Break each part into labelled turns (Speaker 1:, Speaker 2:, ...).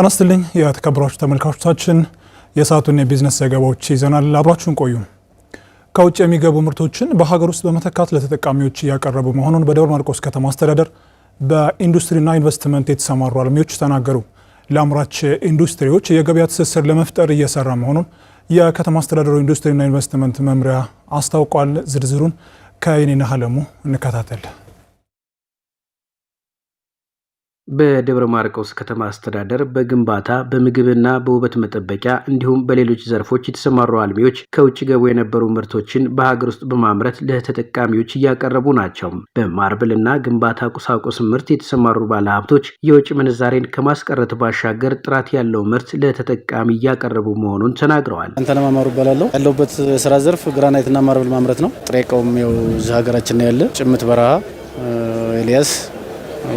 Speaker 1: ጤና ይስጥልኝ የተከበራችሁ ተመልካቾቻችን፣ የሰዓቱን የቢዝነስ ዘገባዎች ይዘናል። አብራችሁን ቆዩ። ከውጭ የሚገቡ ምርቶችን በሀገር ውስጥ በመተካት ለተጠቃሚዎች እያቀረቡ መሆኑን በደብረ ማርቆስ ከተማ አስተዳደር በኢንዱስትሪና ኢንቨስትመንት የተሰማሩ አልሚዎች ተናገሩ። ለአምራች ኢንዱስትሪዎች የገበያ ትስስር ለመፍጠር እየሰራ መሆኑን የከተማ አስተዳደሩ ኢንዱስትሪና ኢንቨስትመንት መምሪያ አስታውቋል። ዝርዝሩን ከይኔና አለሙ እንከታተል።
Speaker 2: በደብረ ማርቆስ ከተማ አስተዳደር በግንባታ በምግብና በውበት መጠበቂያ እንዲሁም በሌሎች ዘርፎች የተሰማሩ አልሚዎች ከውጭ ገቡ የነበሩ ምርቶችን በሀገር ውስጥ በማምረት ለተጠቃሚዎች እያቀረቡ ናቸው። በማርብልና ግንባታ ቁሳቁስ ምርት የተሰማሩ ባለሀብቶች የውጭ ምንዛሬን ከማስቀረት ባሻገር ጥራት ያለው ምርት ለተጠቃሚ እያቀረቡ መሆኑን ተናግረዋል።
Speaker 3: አንተነ ማማሩ እባላለሁ። ያለሁበት የስራ ዘርፍ ግራናይትና ማርብል ማምረት ነው። ጥሬ ዕቃውም ያው እዚህ ሀገራችን ያለ ጭምት በረሃ ኤልያስ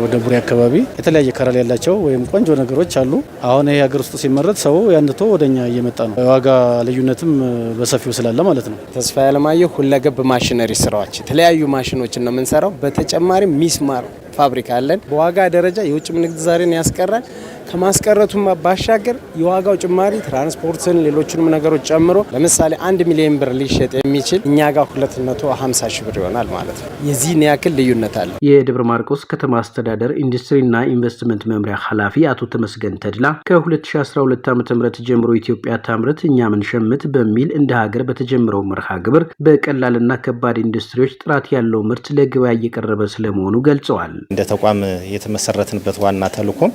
Speaker 3: ወደ ቡሬ አካባቢ የተለያየ ከራል ያላቸው ወይም ቆንጆ ነገሮች አሉ። አሁን ይሄ ሀገር ውስጥ ሲመረት ሰው ያንቶ ወደኛ እየመጣ ነው። የዋጋ ልዩነትም በሰፊው ስላለ ማለት ነው።
Speaker 4: ተስፋ ያለማየሁ ሁለገብ ማሽነሪ ስራዎች የተለያዩ ማሽኖችን ነው የምንሰራው። በተጨማሪም ሚስማር ፋብሪካ አለን። በዋጋ ደረጃ የውጭ ንግድ ዛሬን ያስቀራል። ከማስቀረቱም ባሻገር የዋጋው ጭማሪ ትራንስፖርትን፣ ሌሎችንም ነገሮች ጨምሮ ለምሳሌ አንድ ሚሊዮን ብር ሊሸጥ የሚችል እኛ ጋር 250 ብር ይሆናል ማለት ነው። የዚህን ያክል ልዩነት አለ።
Speaker 2: የደብረ ማርቆስ ከተማ አስተዳደር ኢንዱስትሪና ኢንቨስትመንት መምሪያ ኃላፊ አቶ ተመስገን ተድላ ከ2012 ዓ ም ጀምሮ ኢትዮጵያ ታምርት እኛ ምን ሸምት በሚል እንደ ሀገር በተጀመረው መርሃ ግብር በቀላልና ከባድ ኢንዱስትሪዎች ጥራት ያለው ምርት ለገበያ እየቀረበ ስለመሆኑ ገልጸዋል።
Speaker 5: እንደ ተቋም የተመሰረትንበት ዋና ተልዕኮም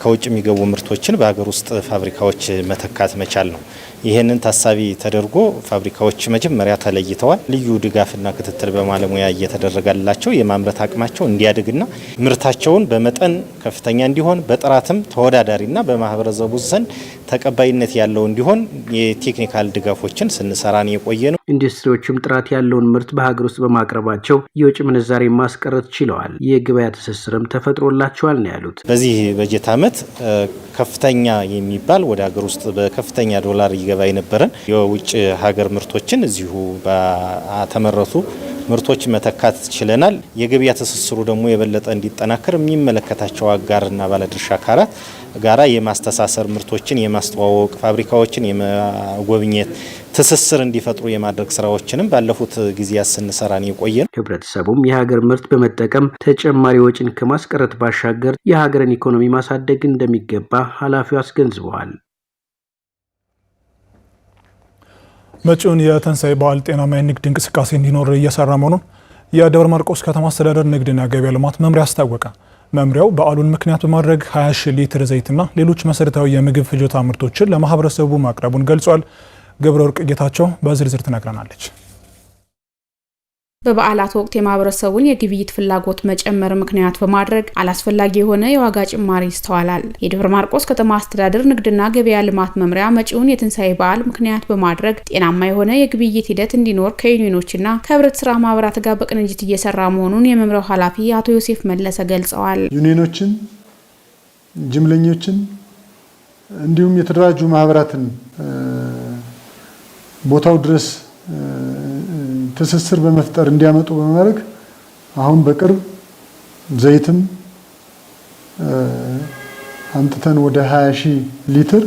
Speaker 5: ከውጭ የሚገቡ ምርቶችን በሀገር ውስጥ ፋብሪካዎች መተካት መቻል ነው። ይህንን ታሳቢ ተደርጎ ፋብሪካዎች መጀመሪያ ተለይተዋል። ልዩ ድጋፍና ክትትል በባለሙያ እየተደረገላቸው የማምረት አቅማቸው እንዲያድግና ምርታቸውን በመጠን ከፍተኛ እንዲሆን በጥራትም ተወዳዳሪና በማህበረሰቡ ዘንድ ተቀባይነት ያለው እንዲሆን የቴክኒካል ድጋፎችን ስንሰራን የቆየ ነው።
Speaker 2: ኢንዱስትሪዎችም ጥራት ያለውን ምርት በሀገር ውስጥ በማቅረባቸው የውጭ ምንዛሬ ማስቀረት ችለዋል። የገበያ ትስስርም ተፈጥሮላቸዋል ነው ያሉት።
Speaker 5: በዚህ በጀት ዓመት ከፍተኛ የሚባል ወደ ሀገር ውስጥ በከፍተኛ ዶላር ይገባ የነበረን የውጭ ሀገር ምርቶችን እዚሁ በተመረቱ ምርቶች መተካት ችለናል። የገበያ ትስስሩ ደግሞ የበለጠ እንዲጠናከር የሚመለከታቸው አጋርና ባለድርሻ አካላት ጋራ የማስተሳሰር ምርቶችን የማስተዋወቅ ፋብሪካዎችን የመጎብኘት ትስስር እንዲፈጥሩ የማድረግ ስራዎችንም ባለፉት ጊዜያት ስንሰራን ነው።
Speaker 2: ህብረተሰቡም የሀገር ምርት በመጠቀም ተጨማሪ ወጪን ከማስቀረት ባሻገር የሀገርን ኢኮኖሚ ማሳደግ እንደሚገባ ኃላፊው አስገንዝበዋል።
Speaker 1: መጪውን የትንሳኤ በዓል ጤናማ የንግድ እንቅስቃሴ እንዲኖር እየሰራ መሆኑን የደብረ ማርቆስ ከተማ አስተዳደር ንግድና ገበያ ልማት መምሪያ አስታወቀ። መምሪያው በዓሉን ምክንያት በማድረግ 20 ሊትር ዘይትና ሌሎች መሰረታዊ የምግብ ፍጆታ ምርቶችን ለማህበረሰቡ ማቅረቡን ገልጿል። ግብረ ወርቅ ጌታቸው በዝርዝር ትነግረናለች።
Speaker 6: በበዓላት ወቅት የማህበረሰቡን የግብይት ፍላጎት መጨመር ምክንያት በማድረግ አላስፈላጊ የሆነ የዋጋ ጭማሪ ይስተዋላል። የደብረ ማርቆስ ከተማ አስተዳደር ንግድና ገበያ ልማት መምሪያ መጪውን የትንሣኤ በዓል ምክንያት በማድረግ ጤናማ የሆነ የግብይት ሂደት እንዲኖር ከዩኒዮኖችና ከህብረት ስራ ማህበራት ጋር በቅንጅት እየሰራ መሆኑን የመምሪያው ኃላፊ አቶ ዮሴፍ መለሰ ገልጸዋል።
Speaker 7: ዩኒዮኖችን፣ ጅምለኞችን እንዲሁም የተደራጁ ማህበራትን ቦታው ድረስ ትስስር በመፍጠር እንዲያመጡ በማድረግ አሁን በቅርብ ዘይትም አምጥተን ወደ 20 ሺህ ሊትር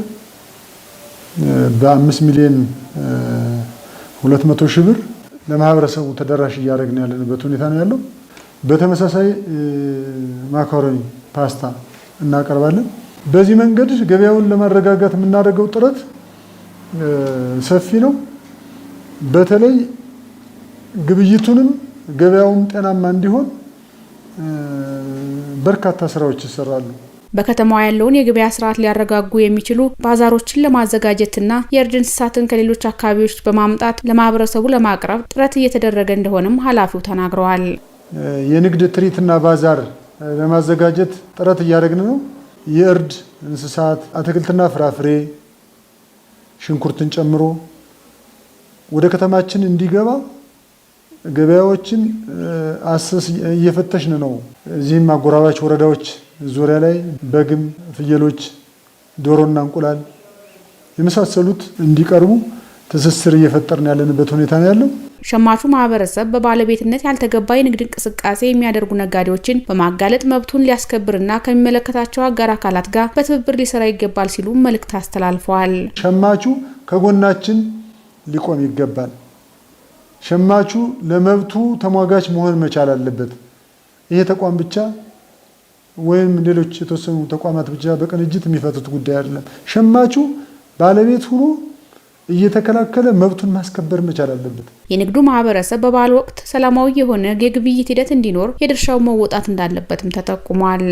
Speaker 7: በ5 ሚሊዮን 200 ሺህ ብር ለማህበረሰቡ ተደራሽ እያደረግን ያለንበት ሁኔታ ነው ያለው። በተመሳሳይ ማካሮኒ፣ ፓስታ እናቀርባለን። በዚህ መንገድ ገበያውን ለማረጋጋት የምናደርገው ጥረት ሰፊ ነው። በተለይ ግብይቱንም ገበያውም ጤናማ እንዲሆን በርካታ ስራዎች ይሰራሉ።
Speaker 6: በከተማዋ ያለውን የገበያ ስርዓት ሊያረጋጉ የሚችሉ ባዛሮችን ለማዘጋጀትና የእርድ እንስሳትን ከሌሎች አካባቢዎች በማምጣት ለማህበረሰቡ ለማቅረብ ጥረት እየተደረገ እንደሆነም ኃላፊው ተናግረዋል።
Speaker 7: የንግድ ትርኢትና ባዛር ለማዘጋጀት ጥረት እያደረግን ነው። የእርድ እንስሳት፣ አትክልትና ፍራፍሬ፣ ሽንኩርትን ጨምሮ ወደ ከተማችን እንዲገባ ገበያዎችን አሰስ እየፈተሽን ነው። እዚህም አጎራባች ወረዳዎች ዙሪያ ላይ በግም፣ ፍየሎች፣ ዶሮና እንቁላል የመሳሰሉት እንዲቀርቡ ትስስር እየፈጠርን ያለንበት ሁኔታ ነው ያለው።
Speaker 6: ሸማቹ ማህበረሰብ በባለቤትነት ያልተገባ የንግድ እንቅስቃሴ የሚያደርጉ ነጋዴዎችን በማጋለጥ መብቱን ሊያስከብርና ከሚመለከታቸው አጋር አካላት ጋር በትብብር ሊሰራ ይገባል ሲሉ መልእክት አስተላልፈዋል።
Speaker 7: ሸማቹ ከጎናችን ሊቆም ይገባል። ሸማቹ ለመብቱ ተሟጋች መሆን መቻል አለበት። ይሄ ተቋም ብቻ ወይም ሌሎች የተወሰኑ ተቋማት ብቻ በቅንጅት የሚፈቱት ጉዳይ አይደለም። ሸማቹ ባለቤት ሆኖ እየተከላከለ መብቱን ማስከበር መቻል አለበት።
Speaker 6: የንግዱ ማህበረሰብ በበዓል ወቅት ሰላማዊ የሆነ የግብይት ሂደት እንዲኖር የድርሻው መወጣት እንዳለበትም ተጠቁሟል።